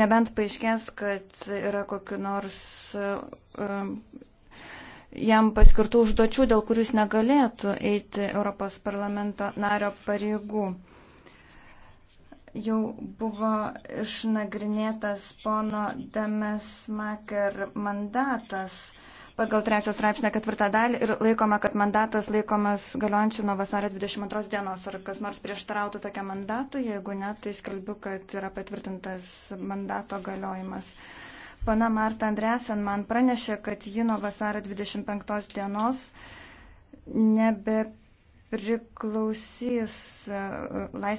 Nebent paaiškės, kad yra kokiu nors um, jam paskirtų užduočių, dėl kurių jis negalėtų eiti Europos parlamento nario pareigų. Jau buvo išnagrinėtas pono Demesmaker mandatas pagal trečios straipsnio ketvirtą dalį ir laikoma, kad mandatas laikomas galiojančiu nuo vasario 22 dienos. Ar kas nors prieštarautų tokiam mandatui? Jeigu ne, tai skelbiu, kad yra patvirtintas mandato galiojimas. Pana Marta Andresen man pranešė, kad ji nuo vasario 25 dienos nebepriklausys e, laisvės.